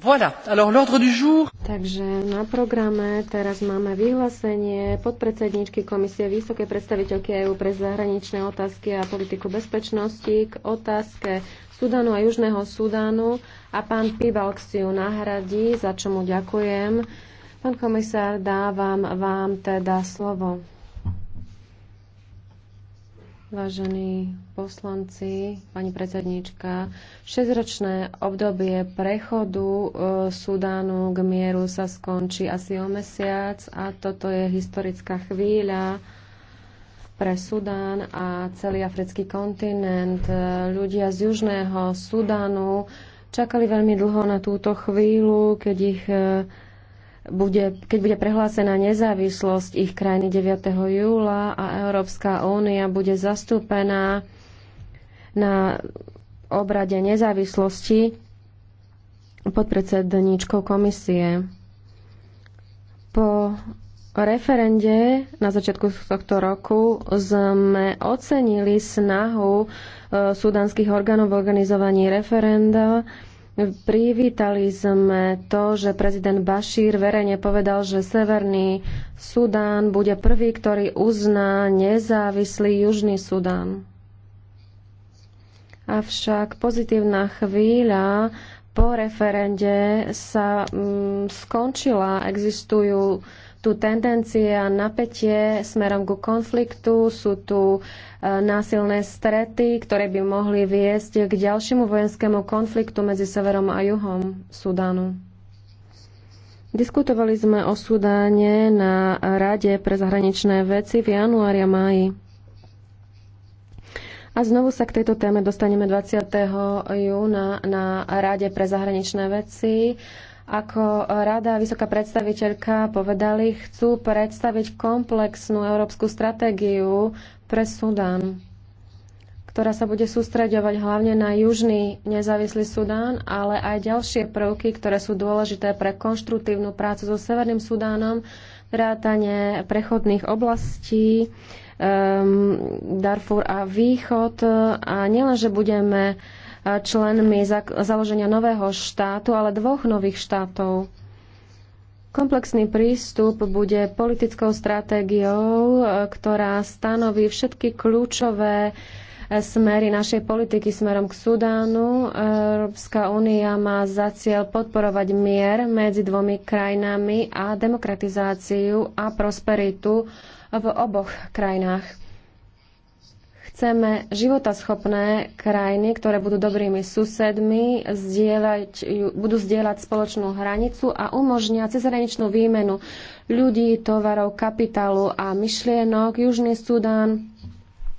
Voilà. Alors, l'ordre du jour. Takže na programe teraz máme vyhlásenie podpredsedničky Komisie Vysokej predstaviteľky EU pre zahraničné otázky a politiku bezpečnosti k otázke Sudanu a Južného Sudánu a pán Pivalk si ju nahradí, za čo mu ďakujem. Pán komisár, dávam vám teda slovo. Vážení poslanci, pani predsednička. šesťročné obdobie prechodu e, Sudánu k mieru sa skončí asi o mesiac a toto je historická chvíľa pre Sudán a celý africký kontinent. E, ľudia z južného Sudánu čakali veľmi dlho na túto chvíľu, keď ich e, bude, keď bude prehlásená nezávislosť ich krajiny 9. júla a Európska únia bude zastúpená na obrade nezávislosti podpredsedníčkou komisie. Po referende na začiatku tohto roku sme ocenili snahu e, sudanských orgánov v organizovaní referenda Privítali sme to, že prezident Bašír verejne povedal, že Severný Sudán bude prvý, ktorý uzná nezávislý Južný Sudán. Avšak pozitívna chvíľa po referende sa mm, skončila. Existujú tu a napätie smerom ku konfliktu, sú tu e, násilné strety, ktoré by mohli viesť k ďalšiemu vojenskému konfliktu medzi severom a juhom Sudánu. Diskutovali sme o Sudáne na Rade pre zahraničné veci v januári a máji. A znovu sa k tejto téme dostaneme 20. júna na Rade pre zahraničné veci ako rada vysoká predstaviteľka povedali, chcú predstaviť komplexnú európsku stratégiu pre Sudán, ktorá sa bude sústreďovať hlavne na južný nezávislý Sudán, ale aj ďalšie prvky, ktoré sú dôležité pre konštruktívnu prácu so Severným Sudánom, vrátanie prechodných oblastí, um, Darfur a Východ. A nielenže budeme členmi založenia nového štátu, ale dvoch nových štátov. Komplexný prístup bude politickou stratégiou, ktorá stanoví všetky kľúčové eh, smery našej politiky smerom k Sudánu. Európska únia má za cieľ podporovať mier medzi dvomi krajinami a demokratizáciu a prosperitu v oboch krajinách. Chceme životaschopné krajiny, ktoré budú dobrými susedmi, zdieľať, budú zdieľať spoločnú hranicu a umožnia cezhraničnú výmenu ľudí, tovarov, kapitálu a myšlienok. Južný Sudán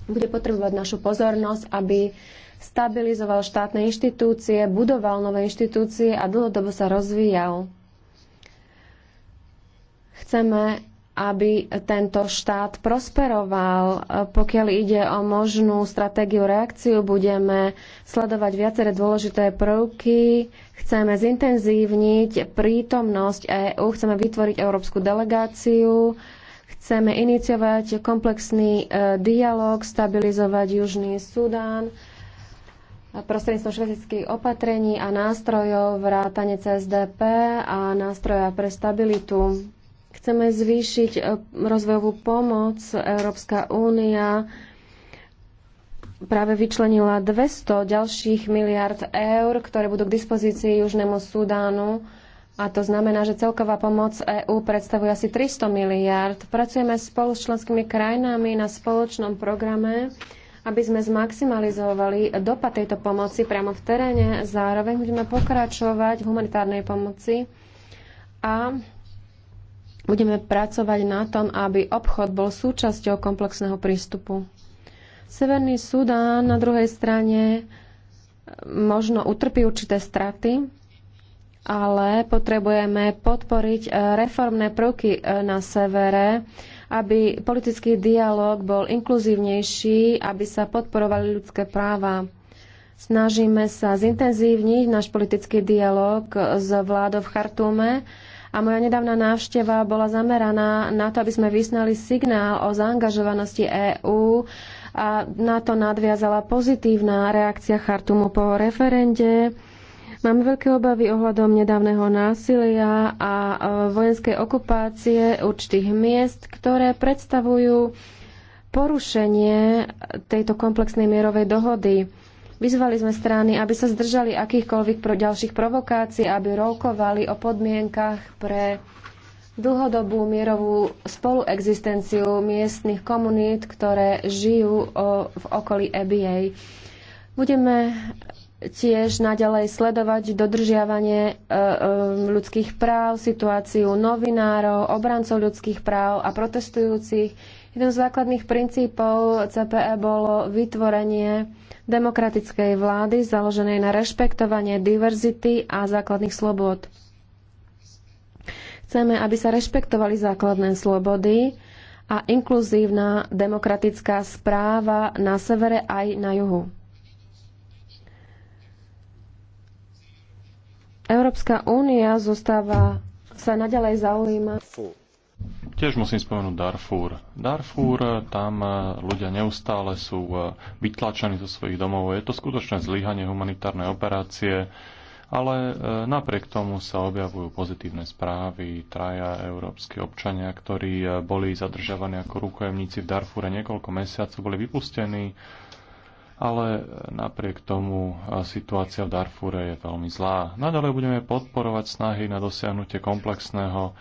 bude potrebovať našu pozornosť, aby stabilizoval štátne inštitúcie, budoval nové inštitúcie a dlhodobo sa rozvíjal. Chceme aby tento štát prosperoval. Pokiaľ ide o možnú stratégiu reakciu, budeme sledovať viaceré dôležité prvky. Chceme zintenzívniť prítomnosť EÚ, chceme vytvoriť európsku delegáciu, chceme iniciovať komplexný e, dialog, stabilizovať Južný Sudán prostredníctvom švedských opatrení a nástrojov vrátane CSDP a nástroja pre stabilitu Chceme zvýšiť e, rozvojovú pomoc. Európska únia práve vyčlenila 200 ďalších miliard eur, ktoré budú k dispozícii Južnému Sudánu. A to znamená, že celková pomoc EÚ predstavuje asi 300 miliard. Pracujeme spolu s členskými krajinami na spoločnom programe, aby sme zmaximalizovali dopad tejto pomoci priamo v teréne. Zároveň budeme pokračovať v humanitárnej pomoci a Budeme pracovať na tom, aby obchod bol súčasťou komplexného prístupu. Severný Sudán na druhej strane e, možno utrpí určité straty, ale potrebujeme podporiť e, reformné prvky e, na severe, aby politický dialog bol inkluzívnejší, aby sa podporovali ľudské práva. Snažíme sa zintenzívniť náš politický dialog s vládou v Chartúme, a moja nedávna návšteva bola zameraná na to, aby sme vysnali signál o zaangažovanosti EÚ a na to nadviazala pozitívna reakcia Chartumu po referende. Mám veľké obavy ohľadom nedávneho násilia a e, vojenskej okupácie určitých miest, ktoré predstavujú porušenie tejto komplexnej mierovej dohody. Vyzvali sme strany, aby sa zdržali akýchkoľvek pro ďalších provokácií, aby rokovali o podmienkach pre dlhodobú mierovú spoluexistenciu miestnych komunít, ktoré žijú v okolí EBA. Budeme tiež naďalej sledovať dodržiavanie e, e, ľudských práv, situáciu novinárov, obrancov ľudských práv a protestujúcich. Jeden z základných princípov CPE bolo vytvorenie demokratickej vlády založenej na rešpektovanie diverzity a základných slobod. Chceme, aby sa rešpektovali základné slobody a inkluzívna demokratická správa na severe aj na juhu. Európska únia zostáva sa naďalej zaujímať. Tiež musím spomenúť Darfur. Darfur, hm. tam eh, ľudia neustále sú eh, vytlačení zo svojich domov. Je to skutočné zlyhanie humanitárnej operácie, ale eh, napriek tomu sa objavujú pozitívne správy. Traja európsky občania, ktorí boli zadržiavaní ako rukojemníci v Darfúre niekoľko mesiacov, boli vypustení, ale napriek tomu situácia v Darfúre je veľmi zlá. Nadalej budeme podporovať snahy na dosiahnutie komplexného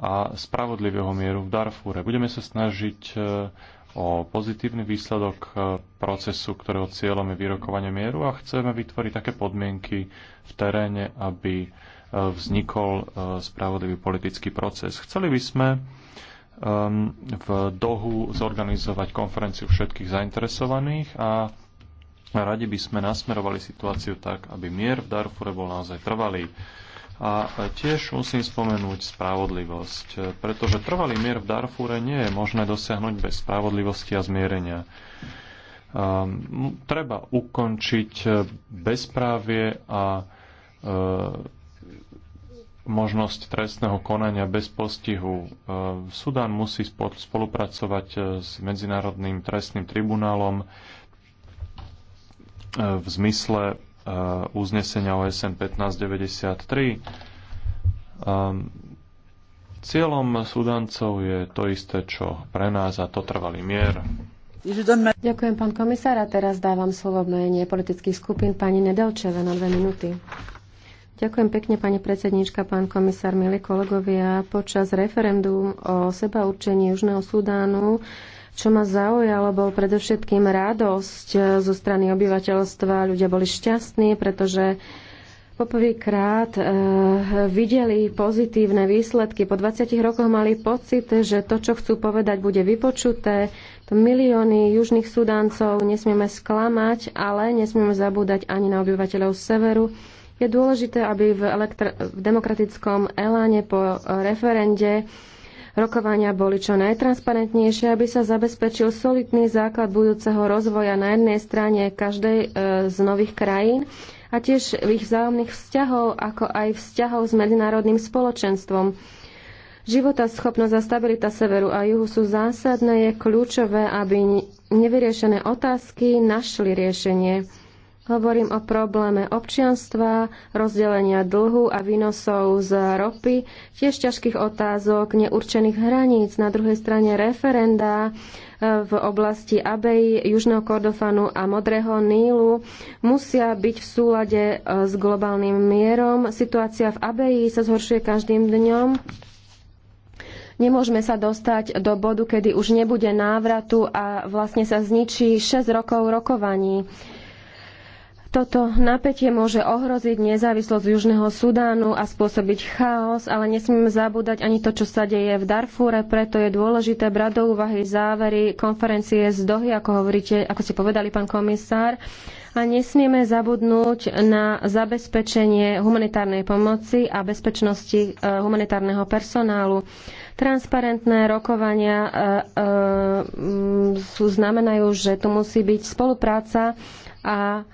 a spravodlivého mieru v Darfúre. Budeme sa snažiť e, o pozitívny výsledok e, procesu, ktorého cieľom je vyrokovanie mieru a chceme vytvoriť také podmienky v teréne, aby e, vznikol spravodlivý politický proces. Chceli by sme v Dohu zorganizovať konferenciu všetkých zainteresovaných a radi by sme nasmerovali situáciu tak, aby mier v Darfure bol naozaj trvalý. A tiež musím spomenúť spravodlivosť, pretože trvalý mier v Darfúre nie je možné dosiahnuť bez spravodlivosti a zmierenia. Um, treba ukončiť bezprávie a um, možnosť trestného konania bez postihu. Um, Sudán musí spolupracovať e, s Medzinárodným trestným tribunálom v zmysle uznesenia OSN 1593. Ehm, cieľom Sudancov je to isté, čo pre nás a to trvalý mier. Ďakujem, pán komisár. A teraz dávam slovo v politických skupín pani Nedelčeve na dve minúty. Ďakujem pekne, pani predsednička, pán komisár, milí kolegovia. Počas referendum o seba určení Južného Sudánu čo ma zaujalo, bol predovšetkým radosť e, zo strany obyvateľstva. Ľudia boli šťastní, pretože poprvýkrát e, videli pozitívne výsledky. Po 20 rokoch mali pocit, že to, čo chcú povedať, bude vypočuté. To milióny južných sudáncov nesmieme sklamať, ale nesmieme zabúdať ani na obyvateľov severu. Je dôležité, aby v, v demokratickom eláne po referende Rokovania boli čo najtransparentnejšie, aby sa zabezpečil solidný základ budúceho rozvoja na jednej strane každej e, z nových krajín a tiež ich vzájomných vzťahov, ako aj vzťahov s medzinárodným spoločenstvom. Života schopnosť a stabilita severu a juhu sú zásadné, je kľúčové, aby nevyriešené otázky našli riešenie. Hovorím o probléme občianstva, rozdelenia dlhu a výnosov z ropy, tiež ťažkých otázok, neurčených hraníc, na druhej strane referenda e, v oblasti Abeji, Južného Kordofanu a Modrého Nílu musia byť v súlade e, s globálnym mierom. Situácia v Abeji sa zhoršuje každým dňom. Nemôžeme sa dostať do bodu, kedy už nebude návratu a vlastne sa zničí 6 rokov rokovaní. Toto napätie môže ohroziť nezávislosť Južného Sudánu a spôsobiť chaos, ale nesmieme zabúdať ani to, čo sa deje v Darfúre, preto je dôležité brať do úvahy závery konferencie z Dohy, ako, hovoríte, ako ste povedali, pán komisár, a nesmieme zabudnúť na zabezpečenie humanitárnej pomoci a bezpečnosti e, humanitárneho personálu. Transparentné rokovania e, e, sú, znamenajú, že tu musí byť spolupráca a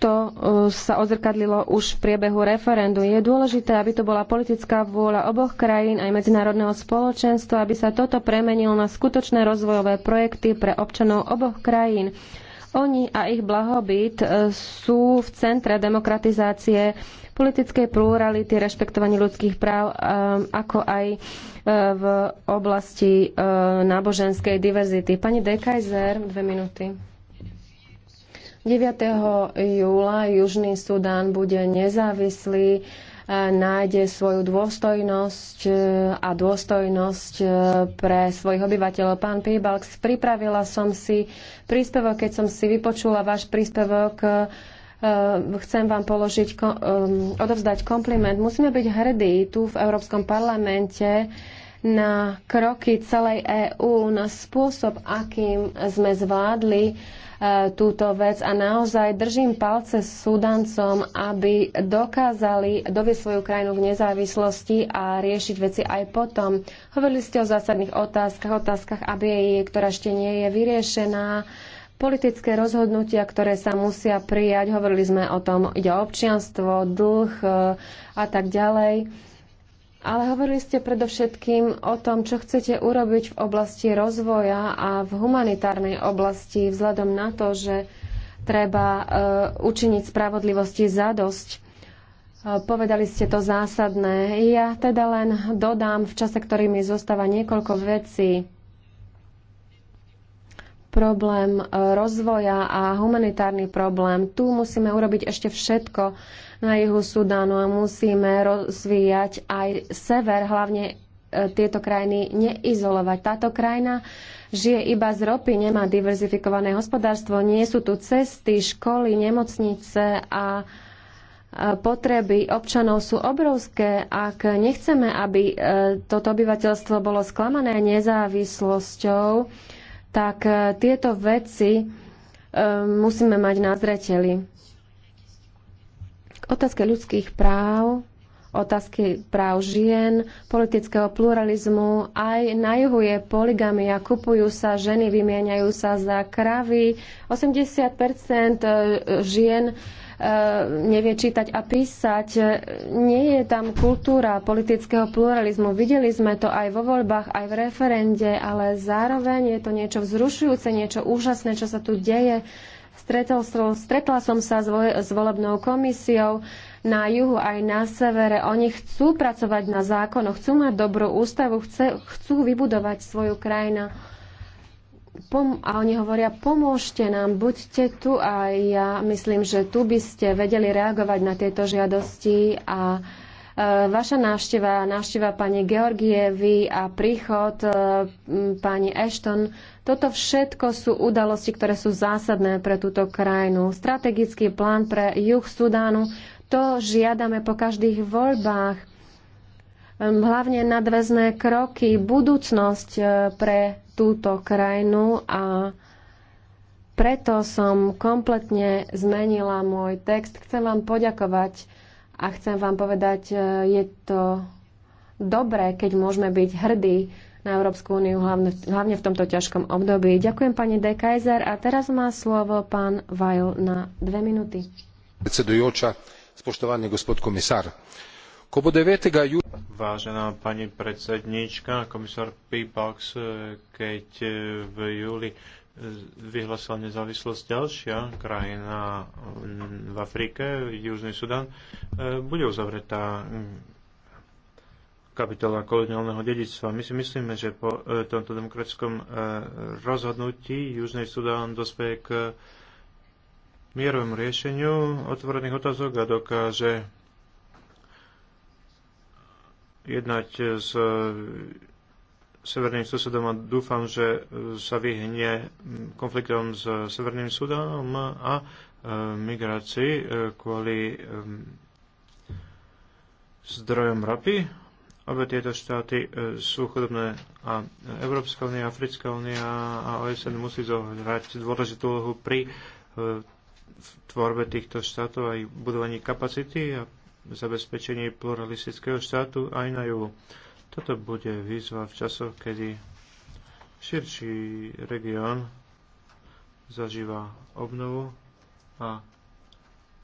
to e, sa odzrkadlilo už v priebehu referendu. Je dôležité, aby to bola politická vôľa oboch krajín aj medzinárodného spoločenstva, aby sa toto premenilo na skutočné rozvojové projekty pre občanov oboch krajín. Oni a ich blahobyt e, sú v centre demokratizácie politickej plurality, rešpektovanie ľudských práv, e, ako aj v oblasti náboženskej diverzity. Pani Dekajzer, dve minúty. 9. júla Južný Sudán bude nezávislý, e, nájde svoju dôstojnosť e, a dôstojnosť e, pre svojich obyvateľov. Pán Pibalks, pripravila som si príspevok, keď som si vypočula váš príspevok, chcem vám položiť, odovzdať kompliment. Musíme byť hrdí tu v Európskom parlamente, na kroky celej EÚ, na spôsob, akým sme zvládli túto vec a naozaj držím palce súdancom, aby dokázali dovieť svoju krajinu k nezávislosti a riešiť veci aj potom. Hovorili ste o zásadných otázkach, otázkach aby jej, ktorá ešte nie je vyriešená politické rozhodnutia, ktoré sa musia prijať. Hovorili sme o tom, ide o občianstvo, dlh e, a tak ďalej. Ale hovorili ste predovšetkým o tom, čo chcete urobiť v oblasti rozvoja a v humanitárnej oblasti, vzhľadom na to, že treba e, učiniť spravodlivosti zadosť. E, povedali ste to zásadné. Ja teda len dodám v čase, ktorý mi zostáva niekoľko vecí. Problém e, rozvoja a humanitárny problém. Tu musíme urobiť ešte všetko, na juhu Sudánu a musíme rozvíjať aj sever, hlavne e, tieto krajiny neizolovať. Táto krajina žije iba z ropy, nemá diverzifikované hospodárstvo, nie sú tu cesty, školy, nemocnice a e, potreby občanov sú obrovské. Ak nechceme, aby e, toto obyvateľstvo bolo sklamané nezávislosťou, tak tieto veci musíme mať na zreteli otázke ľudských práv, otázky práv žien, politického pluralizmu. Aj na juhu je poligamia, kupujú sa ženy, vymieňajú sa za kravy. 80 e, žien e, nevie čítať a písať. Nie je tam kultúra politického pluralizmu. Videli sme to aj vo voľbách, aj v referende, ale zároveň je to niečo vzrušujúce, niečo úžasné, čo sa tu deje. Stretol som, stretla som sa s, voj, s volebnou komisiou na juhu aj na severe. Oni chcú pracovať na zákonoch, chcú mať dobrú ústavu, chce, chcú vybudovať svoju krajinu. Pom- a oni hovoria, pomôžte nám, buďte tu a ja myslím, že tu by ste vedeli reagovať na tieto žiadosti a e, vaša návšteva, návšteva pani Georgievy a príchod e, pani Ashton toto všetko sú udalosti, ktoré sú zásadné pre túto krajinu. Strategický plán pre juh Sudánu, to žiadame po každých voľbách. Ehm, hlavne nadväzné kroky, budúcnosť e, pre túto krajinu a preto som kompletne zmenila môj text. Chcem vám poďakovať a chcem vám povedať, e, je to dobré, keď môžeme byť hrdí na Európsku úniu, hlavne, hlavne v tomto ťažkom období. Ďakujem pani De Kaiser a teraz má slovo pán Vajl na dve minúty. Predsedujúča, spoštovaný gospod komisár, Kobo 9. júna... Vážená pani predsedníčka, komisár Pibox, keď eh, v júli eh, vyhlasila nezávislosť ďalšia krajina mm, v Afrike, Južný Sudan, eh, bude uzavretá mm, kapitola koloniálneho dedičstva. My si myslíme, že po e, tomto demokratickom e, rozhodnutí Južný Sudán dospeje k mierovému riešeniu otvorených otázok a dokáže jednať s e, severným susedom a dúfam, že sa vyhne konfliktom s severným Sudánom a migrácii kvôli zdrojom rapy. Obe tieto štáty e, sú chudobné a Európska únia, Africká únia a OSN musí zohrať dôležitú úlohu pri e, tvorbe týchto štátov aj budovaní kapacity a zabezpečení pluralistického štátu aj na juhu. Toto bude výzva v časoch, kedy širší región zažíva obnovu a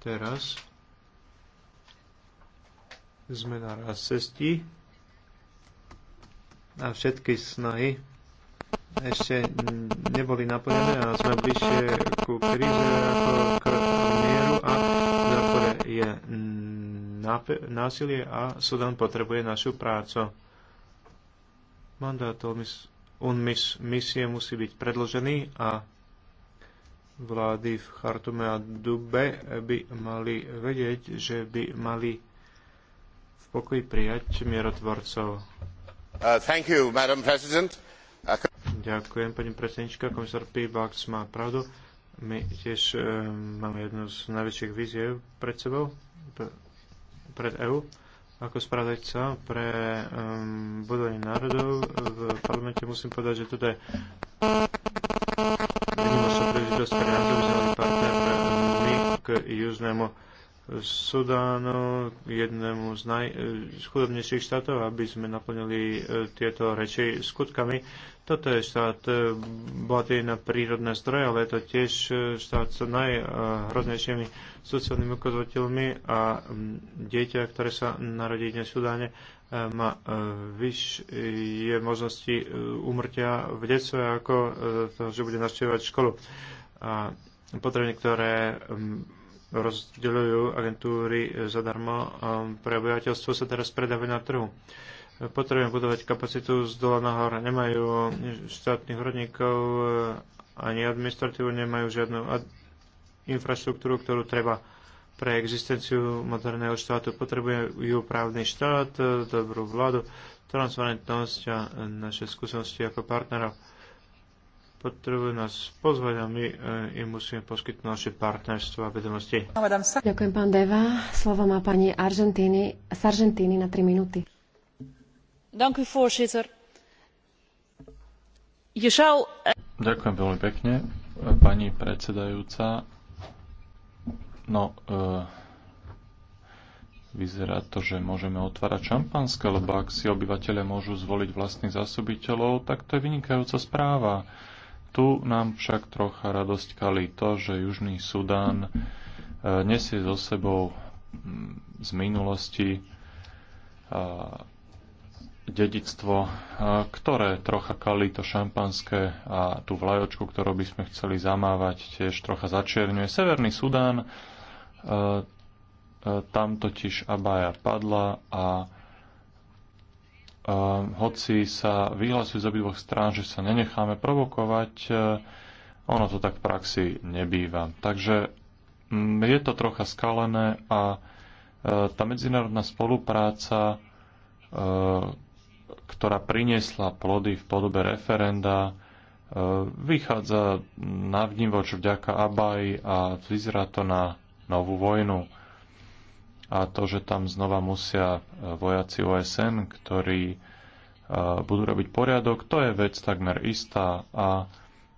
teraz sme na raz cestí a všetky snahy ešte neboli naplnené a sme bližšie ku kríze ako k mieru a na ktoré je násilie a Sudan potrebuje našu prácu. Mandát UNMIS misie musí byť predložený a vlády v Chartume a Dube by mali vedieť, že by mali v pokoji prijať mierotvorcov. Uh, uh, Ďakujem, pani predsednička. Komisár Pivax má pravdu. My tiež e, máme jednu z najväčších víziev pred sebou, pred EÚ, ako spravodajca pre e, budovanie národov v parlamente. Musím povedať, že toto je vynimočná príležitosť pre nás, aby sme mali partner um, k južnému Sudánu, jednému z najchudobnejších eh, štátov, aby sme naplnili eh, tieto reči skutkami. Toto je štát eh, bohatý na prírodné zdroje, ale je to tiež štát s najhroznejšími sociálnymi ukazovateľmi a mm, dieťa, ktoré sa narodí dnes v Sudáne, má vyššie možnosti umrtia v detstve ako to, že bude navštevovať školu. A potreby, ktoré mm, rozdeľujú agentúry e, zadarmo a e, pre obyvateľstvo, sa teraz predávajú na trhu. Potrebujem budovať kapacitu z dola hora, Nemajú štátnych rodníkov, e, ani administratívu, nemajú žiadnu infraštruktúru, ktorú treba pre existenciu moderného štátu. Potrebujú právny štát, dobrú vládu, transparentnosť a naše skúsenosti ako partnerov potrebujú nás pozvať a my eh, im musíme poskytnúť naše partnerstvo a vedomosti. Ďakujem, pán Deva. Slovo má pani Argentíny, z Argentíny na 3 minúty. Ďakujem veľmi pekne, pani predsedajúca. No, e, vyzerá to, že môžeme otvárať šampanské, lebo ak si obyvateľe môžu zvoliť vlastných zásobiteľov, tak to je vynikajúca správa. Tu nám však trocha radosť kalí to, že Južný Sudán e, nesie so sebou z minulosti e, dedictvo, e, ktoré trocha kalí to šampanské a tú vlajočku, ktorú by sme chceli zamávať, tiež trocha začierňuje. Severný Sudán, tam totiž Abaja padla a hoci sa vyhlasujú z obidvoch strán, že sa nenecháme provokovať, e, ono to tak v praxi nebýva. Takže mm, je to trocha skalené a e, tá medzinárodná spolupráca, e, ktorá priniesla plody v podobe referenda, vychádza na vnívoč vďaka Abai a vyzerá to na novú vojnu a to, že tam znova musia e, vojaci OSN, ktorí e, budú robiť poriadok, to je vec takmer istá a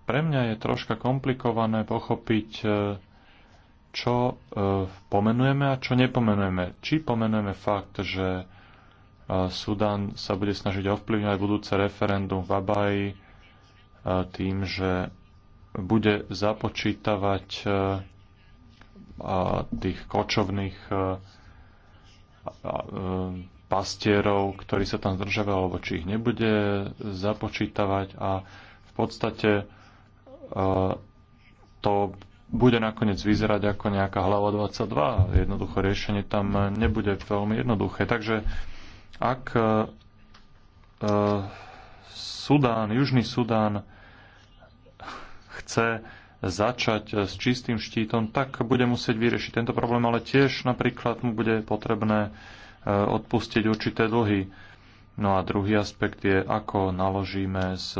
pre mňa je troška komplikované pochopiť, e, čo pomenujeme a čo nepomenujeme. Či pomenujeme fakt, že Sudan sa bude snažiť ovplyvňovať budúce referendum v Abaji tým, že bude započítavať tých kočovných pastierov, ktorí sa tam zdržavajú, alebo či ich nebude započítavať a v podstate to bude nakoniec vyzerať ako nejaká hlava 22. Jednoducho riešenie tam nebude veľmi jednoduché. Takže ak Sudán, Južný Sudán chce začať s čistým štítom, tak bude musieť vyriešiť tento problém, ale tiež napríklad mu bude potrebné e, odpustiť určité dlhy. No a druhý aspekt je, ako naložíme s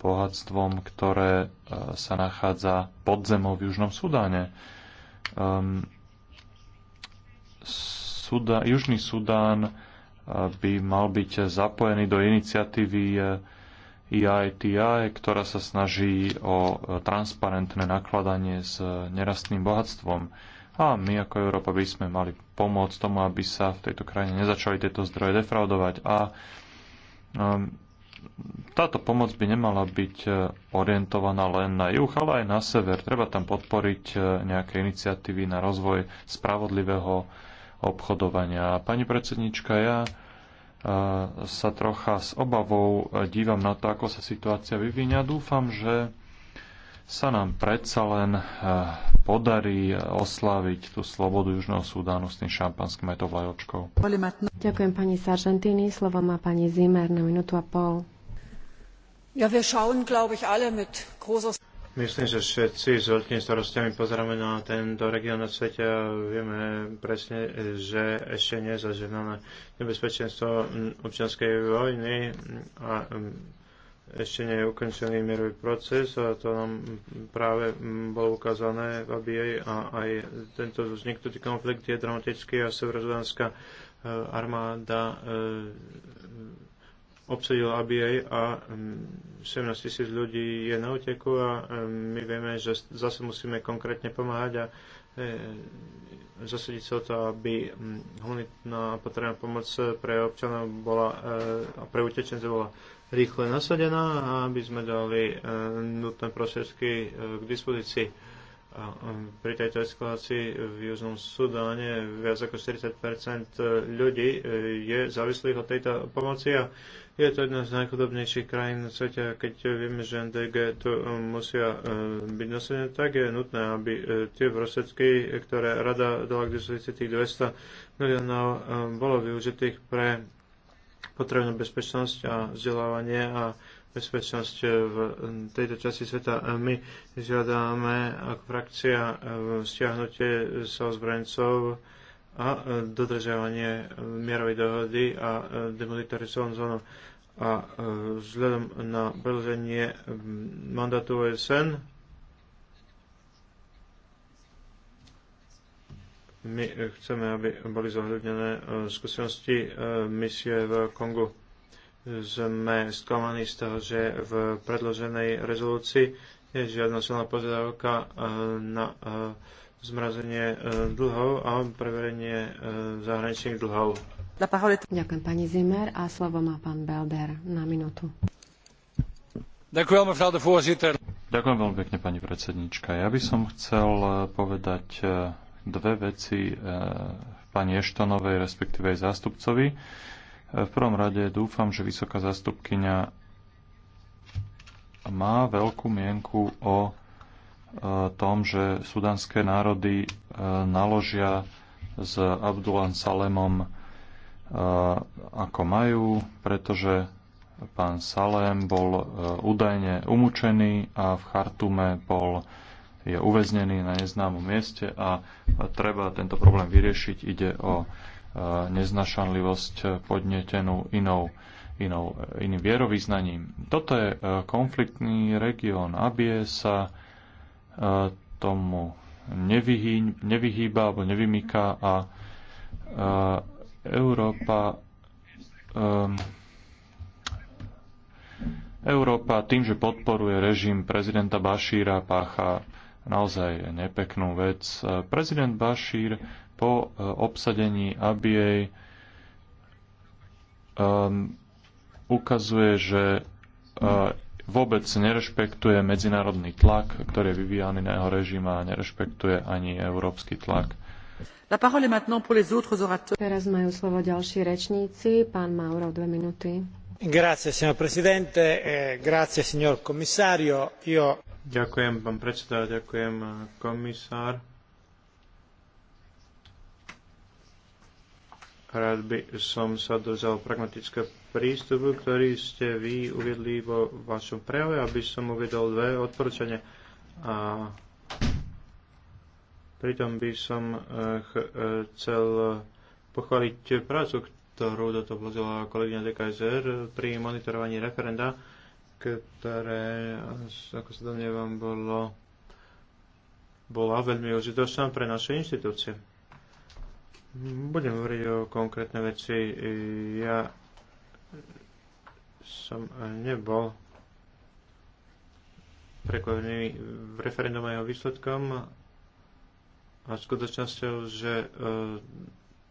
bohatstvom, ktoré e, sa nachádza pod zemou v Južnom Sudáne. Um, ehm, Sudá, Južný Sudán e, by mal byť zapojený do iniciatívy EITI, ktorá sa snaží o transparentné nakladanie s nerastným bohatstvom. A my ako Európa by sme mali pomôcť tomu, aby sa v tejto krajine nezačali tieto zdroje defraudovať. A um, táto pomoc by nemala byť e, orientovaná len na juh, ale aj na sever. Treba tam podporiť e, nejaké iniciatívy na rozvoj spravodlivého obchodovania. Pani predsednička, ja sa trocha s obavou dívam na to, ako sa situácia vyvinia. Dúfam, že sa nám predsa len e, podarí oslaviť tú slobodu Južného Súdánu s tým šampanským aj to vlajočkou. Ďakujem pani Sargentini. Slovo má pani Zimmer na minútu a pol. Ja, wir schauen, glaube ich, alle mit großer Myslím, že všetci s veľkými starostiami pozeráme na tento región na svete a vieme presne, že ešte nie nezaženané nebezpečenstvo občianskej vojny a um, ešte nie je ukončený mierový proces a to nám práve um, bolo ukázané v ABA a aj tento vzniknutý konflikt je dramatický a severozudánska uh, armáda uh, obsadil ABA a 17 mm, tisíc ľudí je na uteku a mm, my vieme, že zase musíme konkrétne pomáhať a e, zasadiť sa o to, aby mm, humanitná potrebná pomoc pre občanov bola e, a pre utečencov bola rýchle nasadená a aby sme dali e, nutné prostriedky k dispozícii. A pri tejto eskalácii v Južnom Sudáne viac ako 40 ľudí je závislých od tejto pomoci a je to jedna z najchudobnejších krajín na svete a keď vieme, že NDG tu e, musia e, byť nosené, tak je nutné, aby e, tie prostriedky, ktoré rada dala k dispozícii tých 200 miliónov, bolo využitých pre potrebnú bezpečnosť a vzdelávanie a bezpečnosť v tejto časti sveta. My žiadame ako frakcia stiahnutie sa ozbrojencov a e, dodržiavanie e, mierovej dohody a e, demilitarizovanú zónu. A vzhľadom na predloženie mm, mandátu OSN my chceme, aby boli zohľadnené skúsenosti misie v Kongu. Sme sklamaní z toho, že v predloženej rezolúcii je žiadna silná požiadavka na zmrazenie e, dlhov a preverenie e, zahraničných dlhov. Ďakujem pani Zimmer a slovo má pán Belder na minútu. Ďakujem, Ďakujem veľmi pekne, pani predsednička. Ja by som chcel e, povedať dve veci pani Eštonovej, respektíve aj zástupcovi. V prvom rade dúfam, že vysoká zástupkynia má veľkú mienku o tom, že sudanské národy e, naložia s Abdulan Salemom e, ako majú, pretože pán Salem bol e, údajne umúčený a v Chartume bol je uväznený na neznámom mieste a treba tento problém vyriešiť. Ide o neznašanlivosť podnetenú inou, inou, iným vierovýznaním. Toto je konfliktný región. Abie sa tomu nevyhý, nevyhýba alebo nevymýka a Európa um, Európa tým, že podporuje režim prezidenta Bašíra, pácha naozaj nepeknú vec. Prezident Bašír po e, obsadení Abiej um, ukazuje, že uh, vôbec nerešpektuje medzinárodný tlak, ktorý je vyvíjany na jeho režim a nerešpektuje ani európsky tlak. Teraz majú slovo ďalší rečníci. Pán Mauro, dve minúty. Grazie, signor presidente, e grazie, signor commissario. Io... Ďakujem, pán predseda, ďakujem, komisár Rád by som sa dozal pragmatického prístupu, ktorý ste vy uviedli vo vašom prejave, aby som uvedol dve odporúčania. A pritom by som eh, chcel pochváliť prácu, ktorú do toho vložila kolegyňa DKSR pri monitorovaní referenda, ktoré, ako sa do vám bolo bola veľmi užitočná pre naše inštitúcie. Budem hovoriť o konkrétne veci. Ja som nebol prekvapený v referendum aj o výsledkom a skutočnosťou, že e,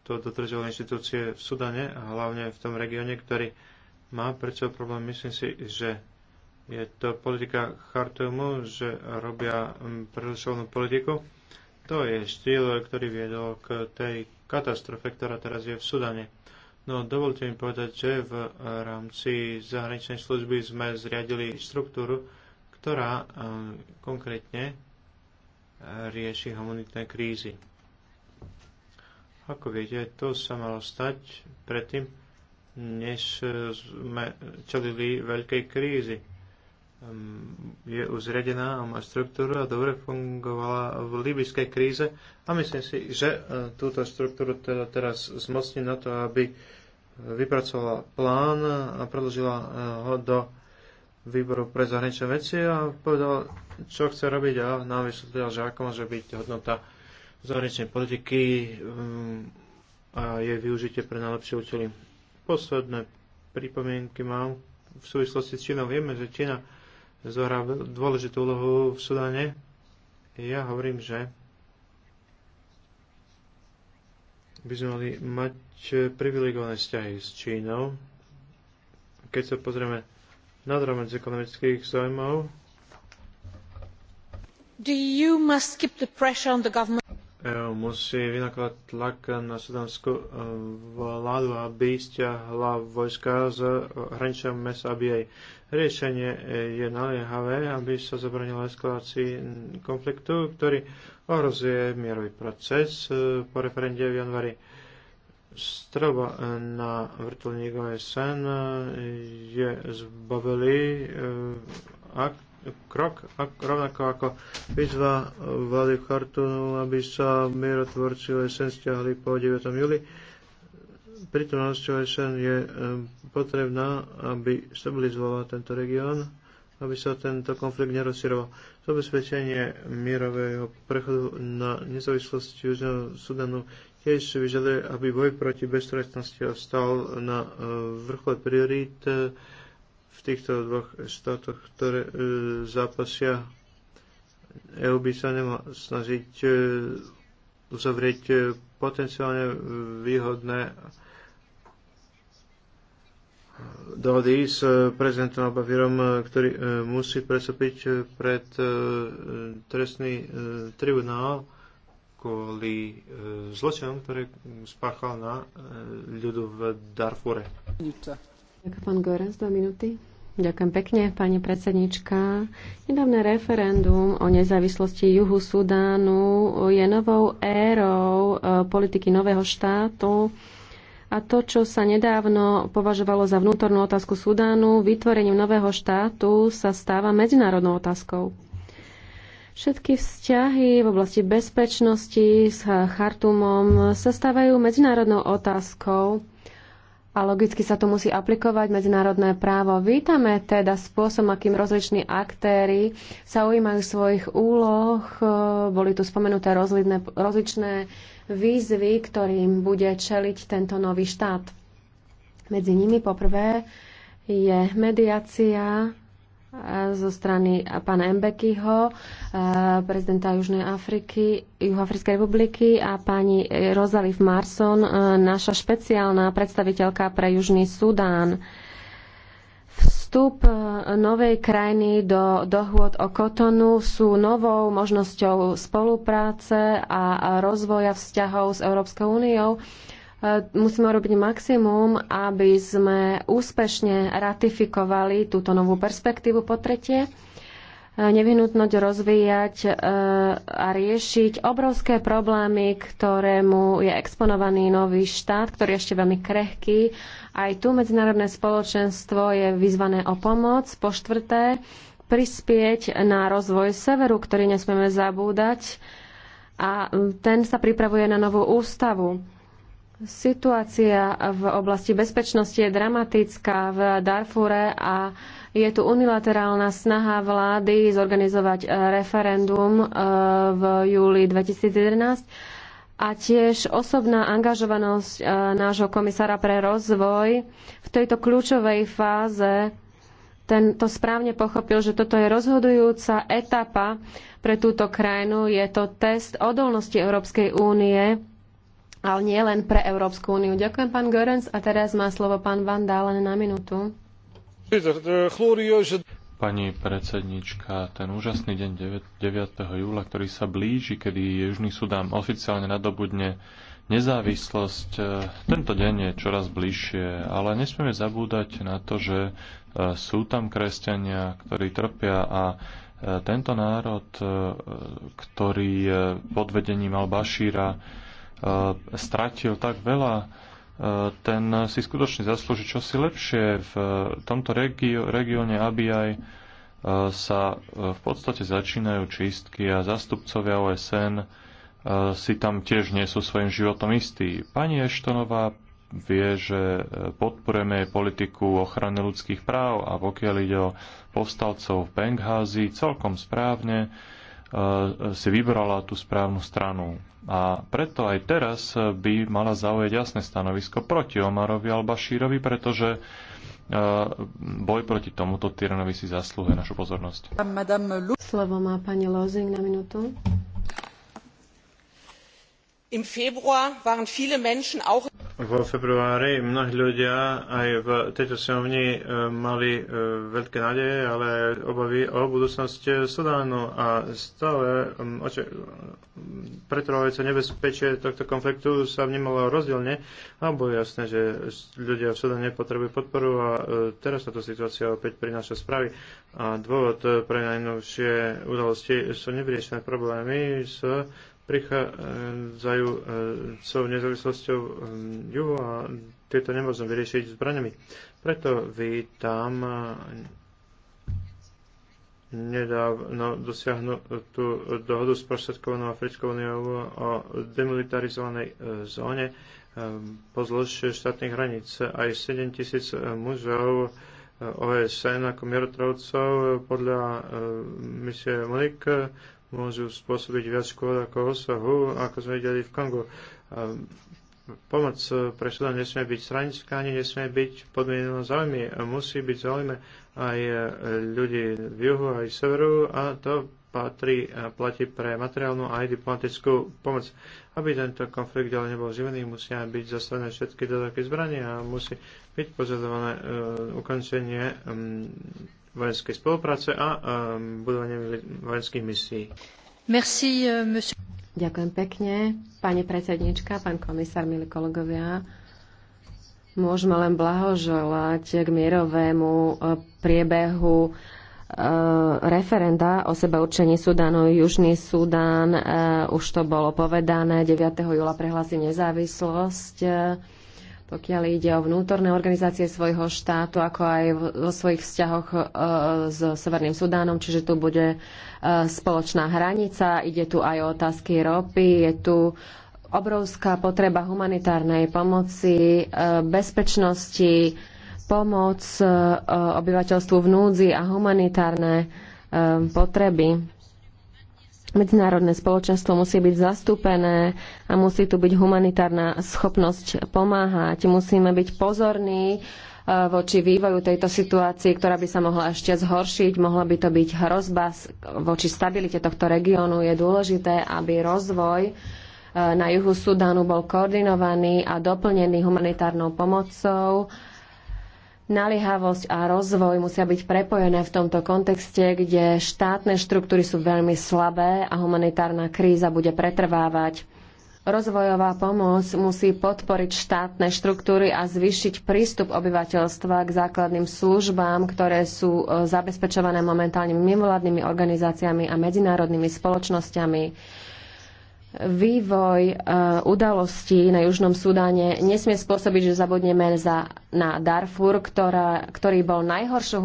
to dotržovali inštitúcie v Sudane a hlavne v tom regióne, ktorý má prečo problém. Myslím si, že je to politika Chartumu, že robia prerušovnú politiku. To je štýl, ktorý viedol k tej katastrofe, ktorá teraz je v Sudane. No dovolte mi povedať, že v rámci zahraničnej služby sme zriadili štruktúru, ktorá e, konkrétne e, rieši humanitné krízy. Ako viete, to sa malo stať predtým, než sme čelili veľkej krízy je už a má štruktúru a dobre fungovala v libyskej kríze a myslím si, že e, túto štruktúru teda teraz zmocní na to, aby vypracovala plán a predložila e, ho do výboru pre zahraničné veci a povedala, čo chce robiť a nám vysvetlila, že ako môže byť hodnota zahraničnej politiky a jej využitie pre najlepšie účely. Posledné pripomienky mám v súvislosti s Čínou. Vieme, že Čína zohrá dôležitú úlohu v Sudáne. Ja hovorím, že by sme mali mať privilegované vzťahy s Čínou. Keď sa pozrieme na rámec ekonomických zájmov, E musí vynakladať tlak na sudanskú e, vládu, aby stiahla vojska z e, hraničia mesa jej Riešenie je naliehavé, aby sa zabranila eskalácii konfliktu, ktorý ohrozuje mierový proces po referende v januári. Streba na vrtulník OSN je zbavili akt krok, rovnako ako výzva vlády v Chartunu, aby sa mierotvorci OSN stiahli po 9. júli. Prítomnosť OSN je potrebná, aby stabilizovala tento región aby sa tento konflikt nerozširoval. Zabezpečenie mierového prechodu na nezávislosť Južného Sudanu tiež si vyžaduje, aby boj proti beztrestnosti stal na eh, vrchole priorít v týchto dvoch štátoch, ktoré e, zápasia. EU by sa nemá snažiť e, uzavrieť e, potenciálne výhodné e, dohody s e, prezidentom Abavirom, e, ktorý e, musí presúpiť pred e, trestný e, tribunál kvôli e, zločinom, ktoré spáchal na e, ľudu v Darfure. Ďakujem, pán Gorens, dva minúty. Ďakujem pekne, pani predsednička. Nedávne referendum o nezávislosti Juhu Sudánu je novou érou e, politiky nového štátu a to, čo sa nedávno považovalo za vnútornú otázku Sudánu, vytvorením nového štátu sa stáva medzinárodnou otázkou. Všetky vzťahy v oblasti bezpečnosti s Chartumom sa stávajú medzinárodnou otázkou a logicky sa tu musí aplikovať medzinárodné právo. Vítame teda spôsob, akým rozliční aktéry sa ujímajú svojich úloh. Boli tu spomenuté rozličné, rozličné výzvy, ktorým bude čeliť tento nový štát. Medzi nimi poprvé je mediácia zo strany pána Embekyho, eh, prezidenta Južnej Afriky, Juhoafrickej republiky a pani eh, Rosalie Marson, eh, naša špeciálna predstaviteľka pre Južný Sudán. Vstup novej krajiny do dohôd o Kotonu sú novou možnosťou spolupráce a rozvoja vzťahov s Európskou úniou E, musíme robiť maximum, aby sme úspešne ratifikovali túto novú perspektívu po tretie e, nevyhnutnosť rozvíjať e, a riešiť obrovské problémy, ktorému je exponovaný nový štát, ktorý je ešte veľmi krehký. Aj tu medzinárodné spoločenstvo je vyzvané o pomoc. Po štvrté, prispieť na rozvoj severu, ktorý nesmieme zabúdať. A ten sa pripravuje na novú ústavu Situácia v oblasti bezpečnosti je dramatická v Darfure a je tu unilaterálna snaha vlády zorganizovať eh, referendum eh, v júli 2011 a tiež osobná angažovanosť eh, nášho komisára pre rozvoj v tejto kľúčovej fáze ten to správne pochopil, že toto je rozhodujúca etapa pre túto krajinu. Je to test odolnosti Európskej únie ale nie len pre Európsku úniu. Ďakujem, pán Görens. A teraz má slovo pán Van Dalen na minútu. Pani predsednička, ten úžasný deň 9. júla, ktorý sa blíži, kedy Južný Sudán oficiálne nadobudne nezávislosť, e, tento deň je čoraz bližšie, ale nesmieme zabúdať na to, že e, sú tam kresťania, ktorí trpia a e, tento národ, ktorý pod vedením Al-Bashíra Eh, stratil tak veľa, eh, ten si skutočne zaslúži čosi lepšie v tomto regióne, aby aj eh, sa v podstate začínajú čistky a zastupcovia OSN si tam tiež nie sú svojim životom istí. Pani Eštonová vie, že podporujeme jej politiku ochrany ľudských práv a pokiaľ ide o povstalcov v Bengházi, celkom správne E, si vybrala tú správnu stranu. A preto aj teraz by mala zaujať jasné stanovisko proti Omarovi al-Bashírovi, pretože e, boj proti tomuto tyranovi si zaslúhuje našu pozornosť. Slovo má pani Lozing na minútu im februar waren viele menschen auch vo februári mnohí ľudia aj v tejto snemovni e, mali e, veľké nádeje, ale obavy o budúcnosť Sudánu a stále oče, pretrvávajúce nebezpečie tohto konfliktu sa vnímalo rozdielne a bolo jasné, že ľudia v Sudáne potrebujú podporu a e, teraz táto situácia opäť prináša správy. A dôvod pre najnovšie udalosti sú nevyriešené problémy s prichádzajú e, svojou nezávislosťou e, juhu a tieto nemôžem vyriešiť zbraniami. Preto vítam e, nedávno dosiahnu tú dohodu s prostredkovanou Africkou uniou o demilitarizovanej zóne pozdĺž štátnych hraníc. Aj 7 tisíc mužov OSN ako mierotrovcov podľa misie MONIK môžu spôsobiť viac škôd ako osahu, ako sme videli v Kongu. Pomoc pre Sudan nesmie byť stranická, ani nesmie byť podmienená záujmy. Musí byť záujme aj ľudí v juhu, aj severu a to patrí, a platí pre materiálnu aj diplomatickú pomoc. Aby tento konflikt ďalej nebol živený, musia byť zastavené všetky dodatky zbrania a musí byť požadované uh, ukončenie um, vojenskej spolupráce a budovanie vojenských misií. Merci, euh, monsieur. Ďakujem pekne. Pani predsednička, pán komisár, milí kolegovia, môžeme len blahoželať k mierovému e, priebehu e, referenda o seba určení Sudánu. Južný Sudán, e, už to bolo povedané, 9. júla prehlási nezávislosť pokiaľ ide o vnútorné organizácie svojho štátu, ako aj vo svojich vzťahoch e, s Severným Sudánom, čiže tu bude e, spoločná hranica, ide tu aj o otázky ropy, je tu obrovská potreba humanitárnej pomoci, e, bezpečnosti, pomoc obyvateľstvu v núdzi a humanitárne potreby Medzinárodné spoločenstvo musí byť zastúpené a musí tu byť humanitárna schopnosť pomáhať. Musíme byť pozorní eh, voči vývoju tejto situácii, ktorá by sa mohla ešte zhoršiť. Mohla by to byť hrozba voči stabilite tohto regiónu. Je dôležité, aby rozvoj eh, na juhu Sudánu bol koordinovaný a doplnený humanitárnou pomocou Naliehavosť a rozvoj musia byť prepojené v tomto kontexte, kde štátne štruktúry sú veľmi slabé a humanitárna kríza bude pretrvávať. Rozvojová pomoc musí podporiť štátne štruktúry a zvýšiť prístup obyvateľstva k základným službám, ktoré sú e, zabezpečované momentálne mimovládnymi organizáciami a medzinárodnými spoločnosťami Vývoj e, udalostí na Južnom Sudáne nesmie spôsobiť, že zabudneme za, na Darfur, ktorá, ktorý bol najhoršou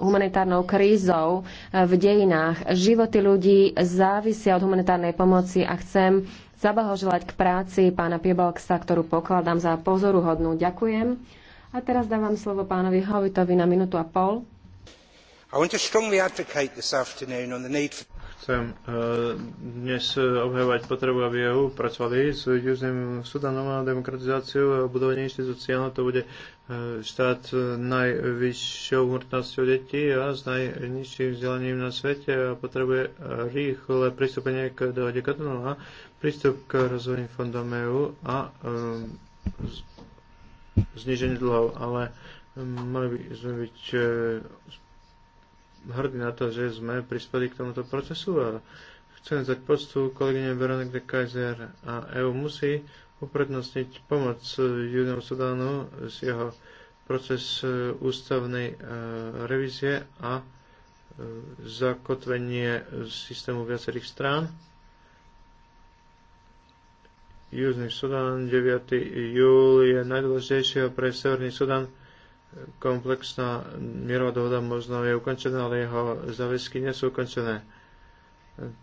humanitárnou krízou e, v dejinách. Životy ľudí závisia od humanitárnej pomoci a chcem zablahoželať k práci pána Piebalksa, ktorú pokladám za pozoruhodnú. Ďakujem. A teraz dávam slovo pánovi Hovitovi na minútu a pol. I want to strongly advocate this afternoon on the need for chcem e, dnes obhajovať potrebu, aby EU pracovali s Južným Sudanom a demokratizáciu a budovanie inštitúcií. Áno, to bude e, štát najvyššou umrtnosťou detí a s najnižším vzdelaním na svete a potrebuje rýchle pristúpenie k dohode Katonu a prístup k rozvojným fondom EU a e, zniženie dlhov, ale mali by sme byť hrdí na to, že sme prispeli k tomuto procesu a chcem zať postu kolegyne Veronik de Kaiser a EU musí uprednostniť pomoc Južnému Sudánu z jeho proces e, ústavnej e, revízie a e, zakotvenie systému viacerých strán. Južný Sudán, 9. júl je najdôležitejšieho pre Severný Sudán komplexná mierová dohoda možno je ukončená, ale jeho záväzky nie sú ukončené.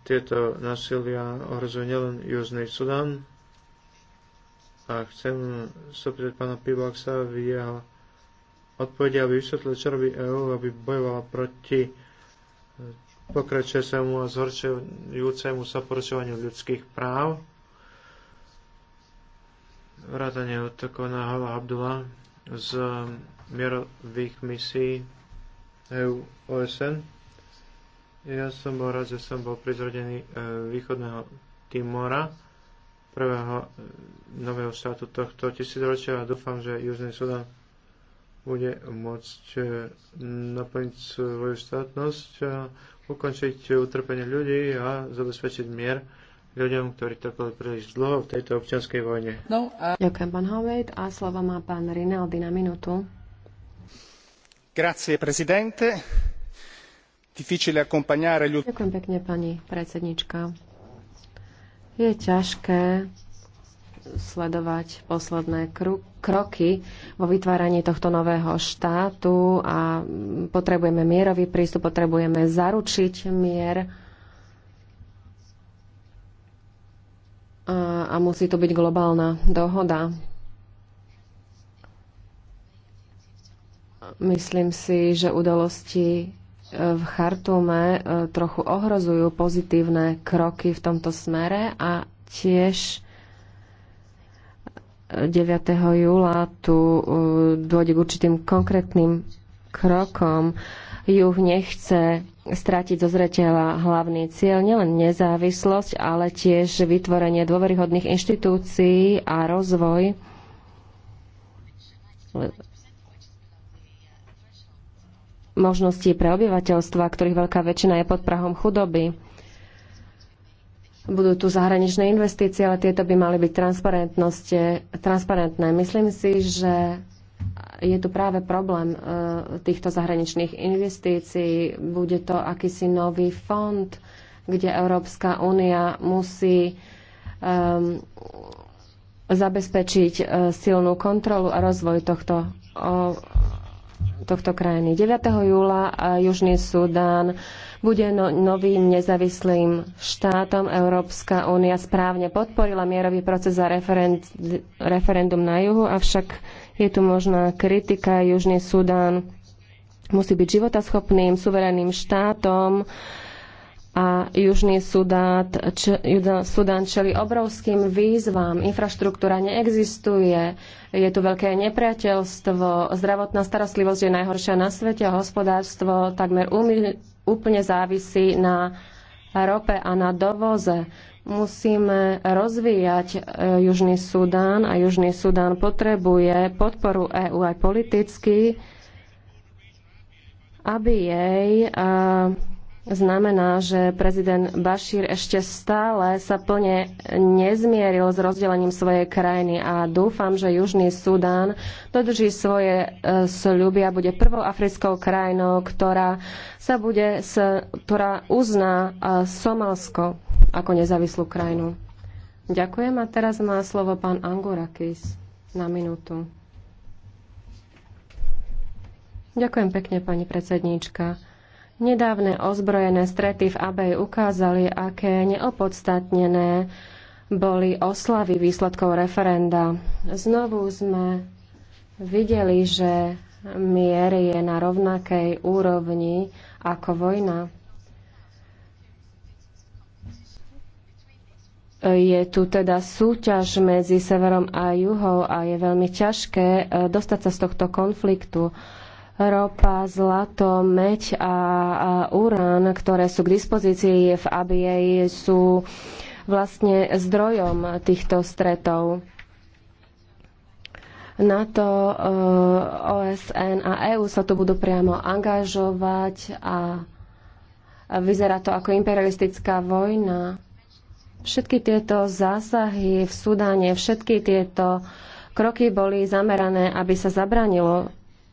Tieto násilia ohrozujú nielen Južný Sudan a chcem sa pýtať pána Pivlaxa v jeho odpovedi, aby vysvetlil, čo robí EÚ, aby bojovala proti pokračujúcemu a zhoršujúcemu sa porušovaniu ľudských práv Vrátanie od takového Hala Abdullah z mierových misí EU OSN. Ja som bol rád, že som bol prizrodený e, východného Timora, prvého e, nového štátu tohto tisícročia a dúfam, že Južný Sudan bude môcť e, naplniť svoju štátnosť, ukončiť utrpenie ľudí a zabezpečiť mier ľuďom, ktorí trpeli príliš dlho v tejto občianskej vojne. No a... Ďakujem, pán Hovejt. A slovo má pán Rinaldi na minútu. Ďakujem pekne, pani predsednička. Je ťažké sledovať posledné kroky vo vytváraní tohto nového štátu a potrebujeme mierový prístup, potrebujeme zaručiť mier a musí to byť globálna dohoda. Myslím si, že udalosti e, v Chartume e, trochu ohrozujú pozitívne kroky v tomto smere a tiež 9. E, júla tu dôjde k určitým konkrétnym krokom. Juh nechce stratiť zo zreteľa hlavný cieľ, nielen nezávislosť, ale tiež vytvorenie dôveryhodných inštitúcií a rozvoj možností pre obyvateľstva, ktorých veľká väčšina je pod prahom chudoby. Budú tu zahraničné investície, ale tieto by mali byť transparentné. Myslím si, že je tu práve problém e, týchto zahraničných investícií. Bude to akýsi nový fond, kde Európska únia musí um, zabezpečiť e, silnú kontrolu a rozvoj tohto tohto krajiny. 9. júla e, Južný Sudán bude no, novým nezávislým štátom. Európska únia správne podporila mierový proces za referend, referendum na juhu, avšak je tu možná kritika. Južný Sudán musí byť životaschopným, suverénnym štátom a Južný Sudát, č, Sudán čeli obrovským výzvam. Infraštruktúra neexistuje, je tu veľké nepriateľstvo, zdravotná starostlivosť je najhoršia na svete a hospodárstvo takmer umy, úplne závisí na rope a na dovoze. Musíme rozvíjať e, Južný Sudán a Južný Sudán potrebuje podporu EÚ aj politicky, aby jej e, znamená, že prezident Bašír ešte stále sa plne nezmieril s rozdelením svojej krajiny a dúfam, že Južný Sudán dodrží svoje e, sľuby a bude prvou africkou krajinou, ktorá, sa bude, ktorá uzná e, Somalsko ako nezávislú krajinu. Ďakujem a teraz má slovo pán Angurakis na minútu. Ďakujem pekne, pani predsedníčka. Nedávne ozbrojené strety v Abej ukázali, aké neopodstatnené boli oslavy výsledkov referenda. Znovu sme videli, že mier je na rovnakej úrovni ako vojna. Je tu teda súťaž medzi severom a juhou a je veľmi ťažké eh, dostať sa z tohto konfliktu ropa, zlato, meď a, urán, ktoré sú k dispozícii v ABA, sú vlastne zdrojom týchto stretov. Na to eh, OSN a EÚ sa tu budú priamo angažovať a vyzerá to ako imperialistická vojna. Všetky tieto zásahy v Sudáne, všetky tieto kroky boli zamerané, aby sa zabranilo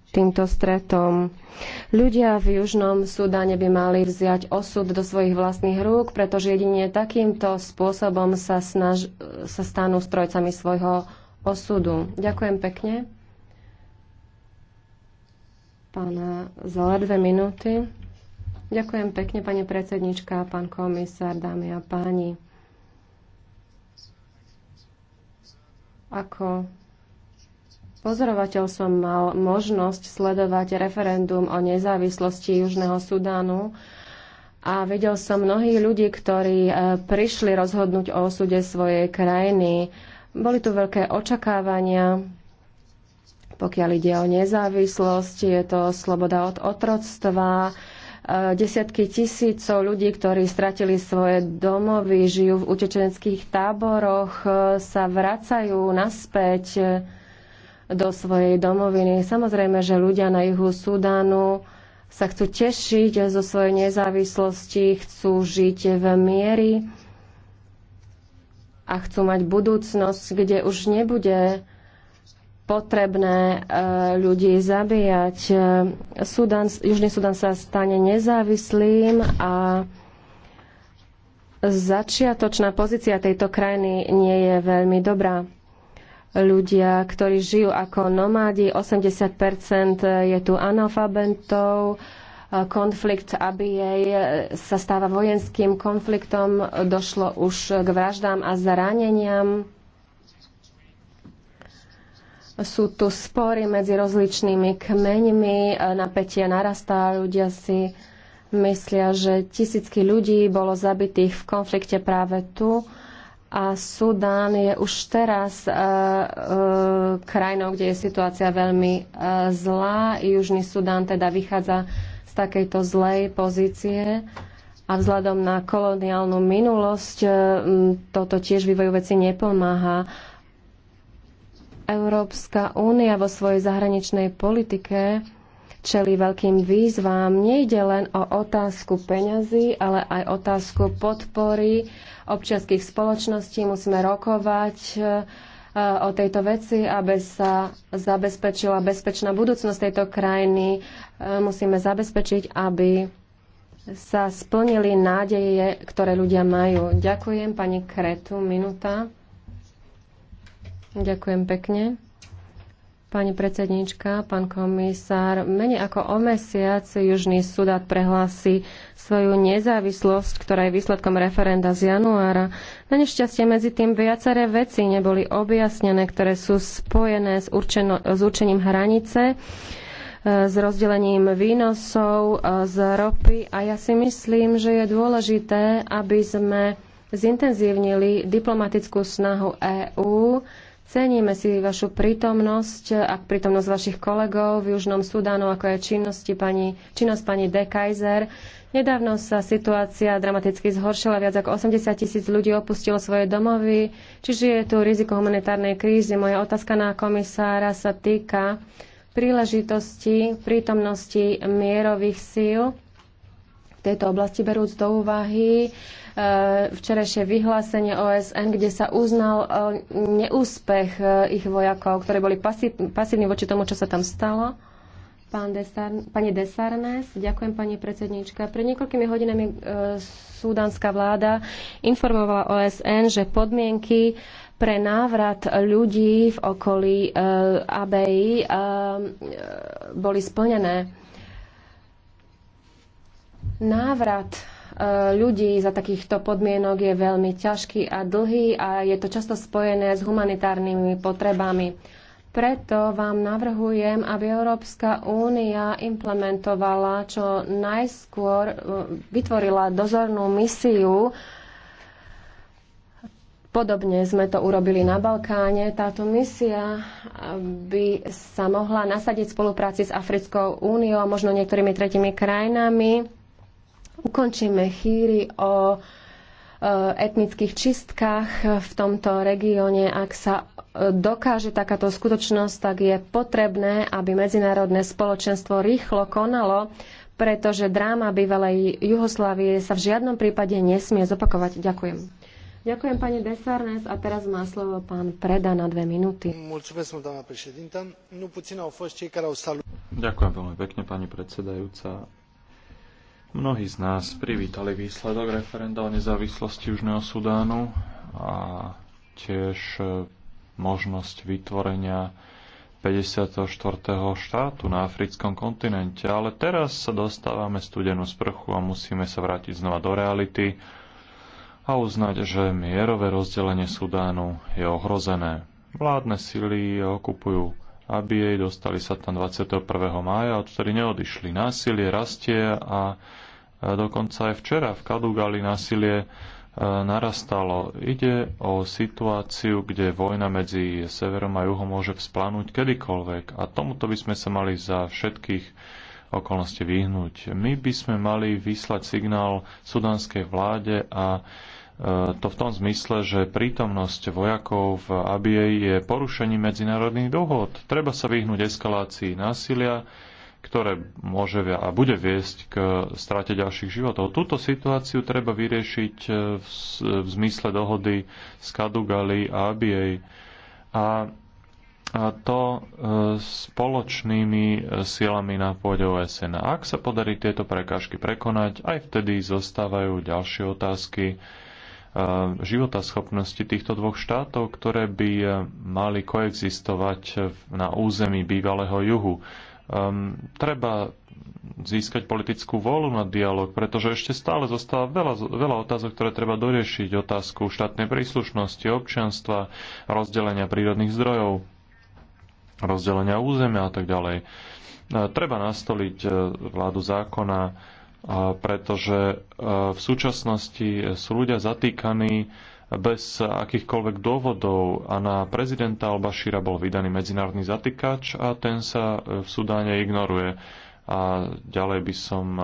týmto stretom. Ľudia v Južnom Sudáne by mali vziať osud do svojich vlastných rúk, pretože jedine takýmto spôsobom sa, snaž, sa stanú strojcami svojho osudu. Ďakujem pekne. Pána Zala, dve minúty. Ďakujem pekne, pani predsednička, pán komisár, dámy a páni. Ako pozorovateľ som mal možnosť sledovať referendum o nezávislosti Južného Sudánu a videl som mnohých ľudí, ktorí e, prišli rozhodnúť o osude svojej krajiny. Boli tu veľké očakávania, pokiaľ ide o nezávislosť, je to sloboda od otroctva, e, desiatky tisícov ľudí, ktorí stratili svoje domovy, žijú v utečenských táboroch, e, sa vracajú naspäť do svojej domoviny. Samozrejme, že ľudia na juhu Sudánu sa chcú tešiť zo svojej nezávislosti, chcú žiť v miery a chcú mať budúcnosť, kde už nebude potrebné e, ľudí zabíjať. E, Sudan, Južný Sudan sa stane nezávislým a začiatočná pozícia tejto krajiny nie je veľmi dobrá ľudia, ktorí žijú ako nomádi, 80% je tu analfabentov, konflikt jej sa stáva vojenským konfliktom, došlo už k vraždám a zraneniam. Sú tu spory medzi rozličnými kmeňmi, napätie narastá, ľudia si myslia, že tisícky ľudí bolo zabitých v konflikte práve tu a Sudán je už teraz uh, uh, krajinou, kde je situácia veľmi uh, zlá. Južný Sudán teda vychádza z takejto zlej pozície a vzhľadom na koloniálnu minulosť e, toto tiež vývoju veci nepomáha. Európska únia vo svojej zahraničnej politike čeli veľkým výzvám. Nejde len o otázku peňazí, ale aj otázku podpory občianských spoločností. Musíme rokovať e, o tejto veci, aby sa zabezpečila bezpečná budúcnosť tejto krajiny. E, musíme zabezpečiť, aby sa splnili nádeje, ktoré ľudia majú. Ďakujem, pani Kretu, minúta. Ďakujem pekne. Pani predsednička, pán komisár, menej ako o mesiac Južný Sudát prehlási svoju nezávislosť, ktorá je výsledkom referenda z januára. Na nešťastie medzi tým viaceré veci neboli objasnené, ktoré sú spojené s, určeno, s určením hranice e, s rozdelením výnosov e, z ropy a ja si myslím, že je dôležité, aby sme zintenzívnili diplomatickú snahu EÚ Ceníme si vašu prítomnosť a prítomnosť vašich kolegov v Južnom Sudánu, ako je činnosti pani, činnosť pani De Kaiser. Nedávno sa situácia dramaticky zhoršila, viac ako 80 tisíc ľudí opustilo svoje domovy, čiže je tu riziko humanitárnej krízy. Moja otázka na komisára sa týka príležitosti prítomnosti mierových síl v tejto oblasti, berúc do úvahy e, včerajšie vyhlásenie OSN, kde sa uznal e, neúspech e, ich vojakov, ktorí boli pasívni voči tomu, čo sa tam stalo. Pán Desarn, pani Desarnes, ďakujem pani predsednička. Pred niekoľkými hodinami e, súdanská vláda informovala OSN, že podmienky pre návrat ľudí v okolí e, ABI e, boli splnené návrat e, ľudí za takýchto podmienok je veľmi ťažký a dlhý a je to často spojené s humanitárnymi potrebami. Preto vám navrhujem, aby Európska únia implementovala čo najskôr, e, vytvorila dozornú misiu. Podobne sme to urobili na Balkáne. Táto misia e, by sa mohla nasadiť v spolupráci s Africkou úniou a možno niektorými tretimi krajinami ukončíme chýry o e, etnických čistkách v tomto regióne. Ak sa e, dokáže takáto skutočnosť, tak je potrebné, aby medzinárodné spoločenstvo rýchlo konalo, pretože dráma bývalej Juhoslávie sa v žiadnom prípade nesmie zopakovať. Ďakujem. Ďakujem pani Desarnes a teraz má slovo pán Preda na dve minúty. Ďakujem veľmi pekne pani predsedajúca Mnohí z nás privítali výsledok referenda o nezávislosti Južného Sudánu a tiež e, možnosť vytvorenia 54. štátu na africkom kontinente, ale teraz sa dostávame studenú sprchu a musíme sa vrátiť znova do reality a uznať, že mierové rozdelenie Sudánu je ohrozené. Vládne sily okupujú aby jej dostali sa tam 21. mája, odtedy neodišli. Násilie rastie a dokonca aj včera v Kadugali násilie e, narastalo. Ide o situáciu, kde vojna medzi severom a juhom môže vzplanúť kedykoľvek a tomuto by sme sa mali za všetkých okolností vyhnúť. My by sme mali vyslať signál sudanskej vláde a to v tom zmysle, že prítomnosť vojakov v ABA je porušením medzinárodných dohod. Treba sa vyhnúť eskalácii násilia, ktoré môže a bude viesť k strate ďalších životov. Túto situáciu treba vyriešiť v, zmysle dohody s Kadugali a ABA. A, a to e, spoločnými e, silami na pôde OSN. ak sa podarí tieto prekážky prekonať, aj vtedy zostávajú ďalšie otázky, životaschopnosti týchto dvoch štátov, ktoré by e, mali koexistovať na území bývalého juhu. Um, treba získať politickú vôľu na dialog, pretože ešte stále zostáva veľa, veľa otázok, ktoré treba doriešiť. Otázku štátnej príslušnosti, občianstva, rozdelenia prírodných zdrojov, rozdelenia územia a tak ďalej. E, treba nastoliť vládu zákona, pretože e, v súčasnosti sú ľudia zatýkaní bez akýchkoľvek dôvodov a na prezidenta Al-Bashira bol vydaný medzinárodný zatýkač a ten sa v Sudáne ignoruje. A ďalej by som e,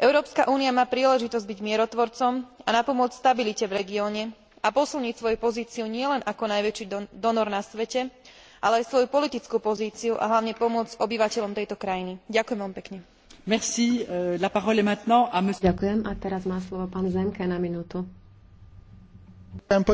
európska únia má príležitosť byť mierotvorcom a napomôcť stabilite v regióne a posilniť svoju pozíciu nielen ako najväčší donor na svete ale aj svoju politickú pozíciu a hlavne pomôcť obyvateľom tejto krajiny. ďakujem veľmi pekne. Euh,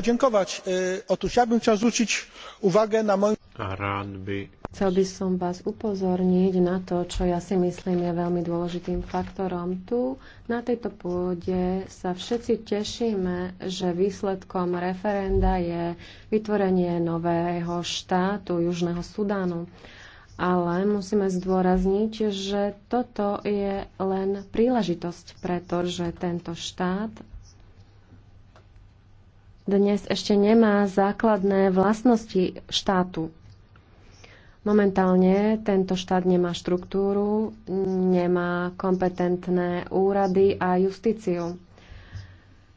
otóż ja bym chciał zwrócić uwagę na rád by... Chcel by som vás upozorniť na to, čo ja si myslím je veľmi dôležitým faktorom. Tu na tejto pôde sa všetci tešíme, že výsledkom referenda je vytvorenie nového štátu Južného Sudánu. Ale musíme zdôrazniť, že toto je len príležitosť, pretože tento štát dnes ešte nemá základné vlastnosti štátu. Momentálne tento štát nemá štruktúru, nemá kompetentné úrady a justíciu.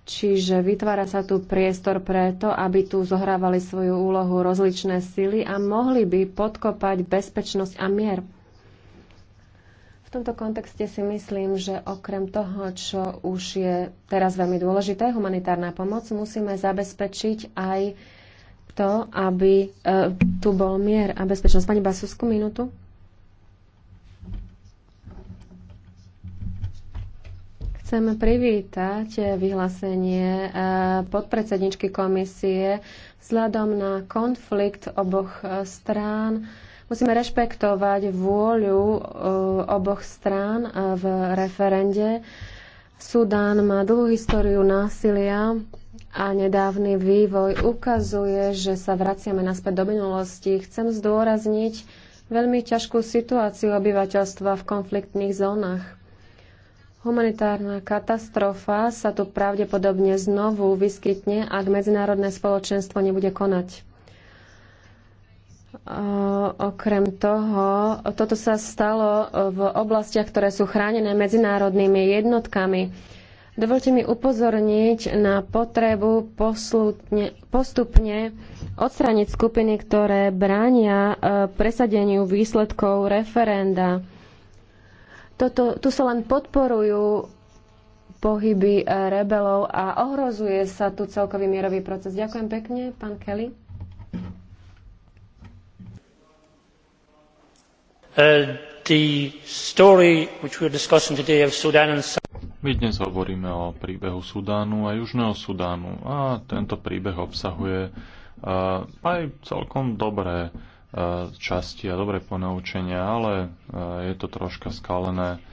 Čiže vytvára sa tu priestor preto, aby tu zohrávali svoju úlohu rozličné sily a mohli by podkopať bezpečnosť a mier. V tomto kontexte si myslím, že okrem toho, čo už je teraz veľmi dôležité, humanitárna pomoc, musíme zabezpečiť aj to, aby e, tu bol mier a bezpečnosť. Pani Basusku, minútu. chcem privítať vyhlásenie e, podpredsedničky komisie vzhľadom na konflikt oboch e, strán. Musíme rešpektovať vôľu oboch strán v referende. Sudán má dlhú históriu násilia a nedávny vývoj ukazuje, že sa vraciame naspäť do minulosti. Chcem zdôrazniť veľmi ťažkú situáciu obyvateľstva v konfliktných zónach. Humanitárna katastrofa sa tu pravdepodobne znovu vyskytne, ak medzinárodné spoločenstvo nebude konať. Okrem toho, toto sa stalo v oblastiach, ktoré sú chránené medzinárodnými jednotkami Dovolte mi upozorniť na potrebu poslutne, postupne odstrániť skupiny, ktoré bránia e, presadeniu výsledkov referenda. Toto, tu sa len podporujú pohyby e, rebelov a ohrozuje sa tu celkový mierový proces. Ďakujem pekne, pán Kelly. Uh, the story which we are discussing today of Sudan and my dnes hovoríme o príbehu Sudánu a Južného Sudánu a tento príbeh obsahuje e, aj celkom dobré e, časti a dobré ponaučenia, ale e, je to troška skalené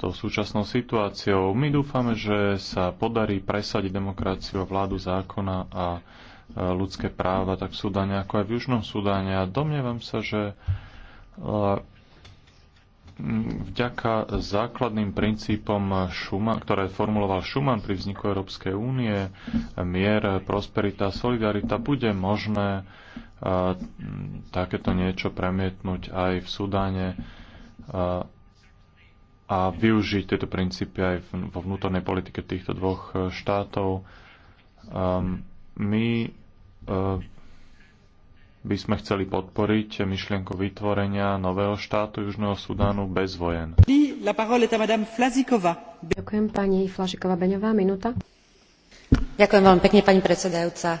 tou súčasnou situáciou. My dúfame, že sa podarí presadiť demokraciu a vládu zákona a ľudské práva tak v Sudáne ako aj v Južnom Sudáne a domnievam sa, že vďaka základným princípom, Schumann, ktoré formuloval Schumann pri vzniku Európskej únie, mier, prosperita, solidarita, bude možné a, e, takéto niečo premietnúť aj v Sudáne a, e, a využiť tieto princípy aj v, vo vnútornej politike týchto dvoch štátov. Ehm, my e, by sme chceli podporiť myšlienku vytvorenia nového štátu Južného Sudánu bez vojen. Ďakujem pani Beňová, minúta. Ďakujem veľmi pekne, pani predsedajúca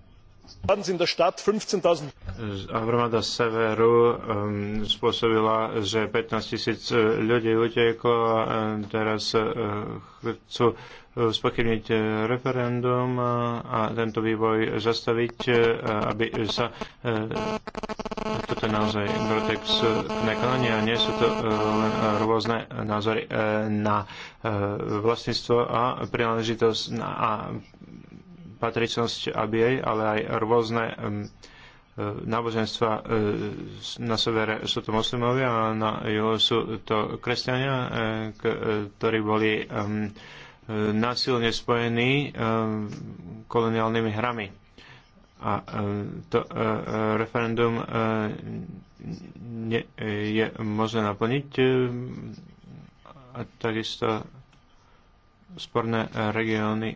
Hromada severu um, spôsobila, že 15 tisíc e, ľudí uteklo a e, teraz uh, chcú spochybniť referendum a tento vývoj zastaviť, aby sa toto je naozaj grotex konanie a nie sú to len rôzne názory na vlastníctvo a prináležitosť a patričnosť ABA, ale aj rôzne e, náboženstva e, na severe sú to moslimovia a na juhu sú to kresťania, e, ktorí boli násilne spojení koloniálnymi hrami. A to referendum je možné naplniť a takisto sporné regióny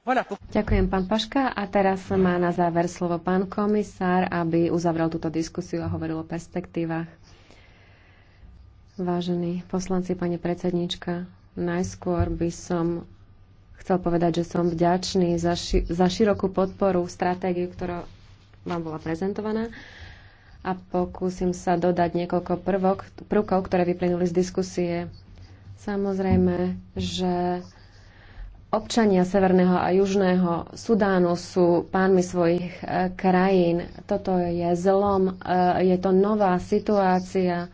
Ďakujem, pán Paška. A teraz má na záver slovo pán komisár, aby uzavrel túto diskusiu a hovoril o perspektívach. Vážení poslanci, pani predsednička, najskôr by som chcel povedať, že som vďačný za, ši- za širokú podporu v stratégiu, ktorá vám bola prezentovaná a pokúsim sa dodať niekoľko prvok, prvkov, ktoré vyplynuli z diskusie. Samozrejme, že Občania Severného a Južného Sudánu sú pánmi svojich e, krajín. Toto je zlom, e, je to nová situácia.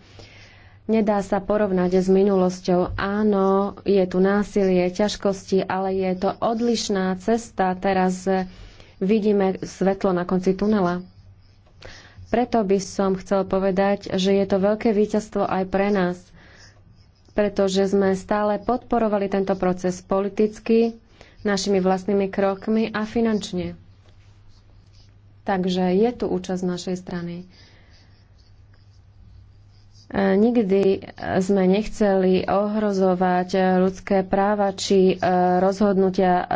Nedá sa porovnať s minulosťou. Áno, je tu násilie, ťažkosti, ale je to odlišná cesta. Teraz e, vidíme svetlo na konci tunela. Preto by som chcel povedať, že je to veľké víťazstvo aj pre nás – pretože sme stále podporovali tento proces politicky, našimi vlastnými krokmi a finančne. Takže je tu účasť z našej strany. E, nikdy e, sme nechceli ohrozovať e, ľudské práva či rozhodnutia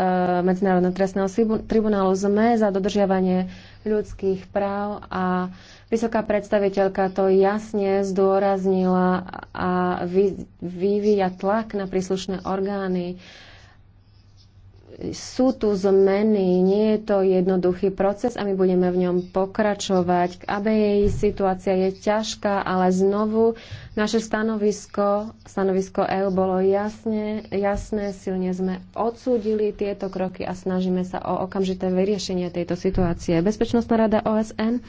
Medzinárodného trestného tribunálu. Sme za dodržiavanie ľudských práv a Vysoká predstaviteľka to jasne zdôraznila a vy, vyvíja tlak na príslušné orgány. Sú tu zmeny, nie je to jednoduchý proces a my budeme v ňom pokračovať. Abe jej situácia je ťažká, ale znovu naše stanovisko, stanovisko EU bolo jasne, jasné, silne sme odsúdili tieto kroky a snažíme sa o okamžité vyriešenie tejto situácie. Bezpečnostná rada OSN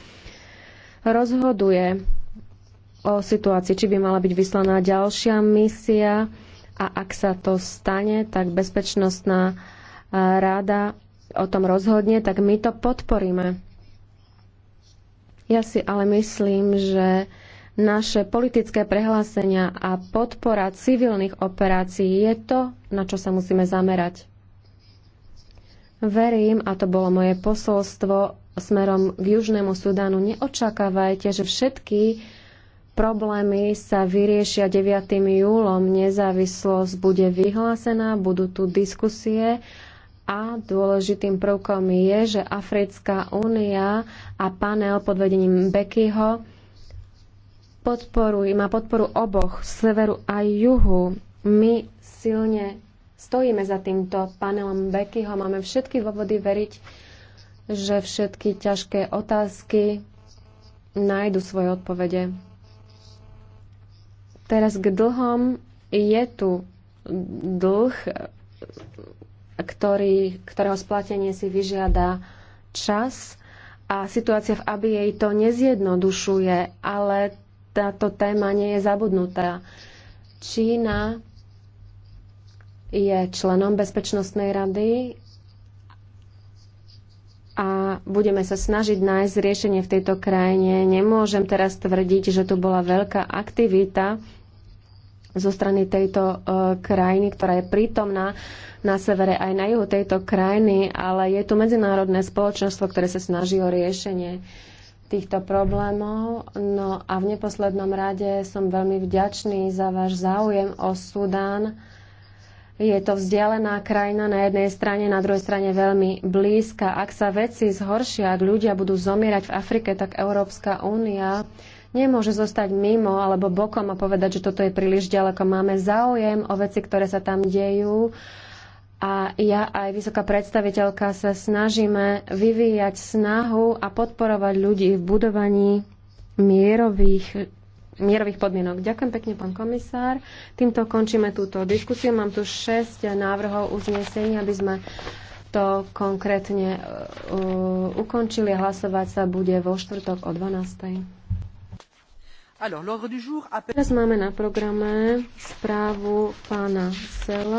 rozhoduje o situácii, či by mala byť vyslaná ďalšia misia a ak sa to stane, tak bezpečnostná eh, rada o tom rozhodne, tak my to podporíme. Ja si ale myslím, že naše politické prehlásenia a podpora civilných operácií je to, na čo sa musíme zamerať. Verím, a to bolo moje posolstvo smerom k Južnému Sudánu. Neočakávajte, že všetky problémy sa vyriešia 9. júlom. Nezávislosť bude vyhlásená, budú tu diskusie a dôležitým prvkom je, že Africká únia a panel pod vedením Beckyho podporuj, má podporu oboch, severu a juhu. My silne stojíme za týmto panelom Beckyho, máme všetky dôvody veriť, že všetky ťažké otázky nájdu svoje odpovede. Teraz k dlhom je tu dlh, ktorý, ktorého splatenie si vyžiada čas a situácia v aby jej to nezjednodušuje, ale táto téma nie je zabudnutá. Čína je členom Bezpečnostnej rady a budeme sa snažiť nájsť riešenie v tejto krajine. Nemôžem teraz tvrdiť, že tu bola veľká aktivita zo strany tejto e, krajiny, ktorá je prítomná na severe aj na juhu tejto krajiny, ale je tu medzinárodné spoločenstvo, ktoré sa snaží o riešenie týchto problémov. No a v neposlednom rade som veľmi vďačný za váš záujem o Sudán je to vzdialená krajina na jednej strane, na druhej strane veľmi blízka. Ak sa veci zhoršia, ak ľudia budú zomierať v Afrike, tak Európska únia nemôže zostať mimo alebo bokom a povedať, že toto je príliš ďaleko. Máme záujem o veci, ktoré sa tam dejú. A ja aj vysoká predstaviteľka sa snažíme vyvíjať snahu a podporovať ľudí v budovaní mierových mierových podmienok. Ďakujem pekne, pán komisár. Týmto končíme túto diskusiu. Mám tu 6 návrhov uznesení, aby sme to konkrétne uh, ukončili. Hlasovať sa bude vo štvrtok o 12. Teraz máme na programe správu pána Sela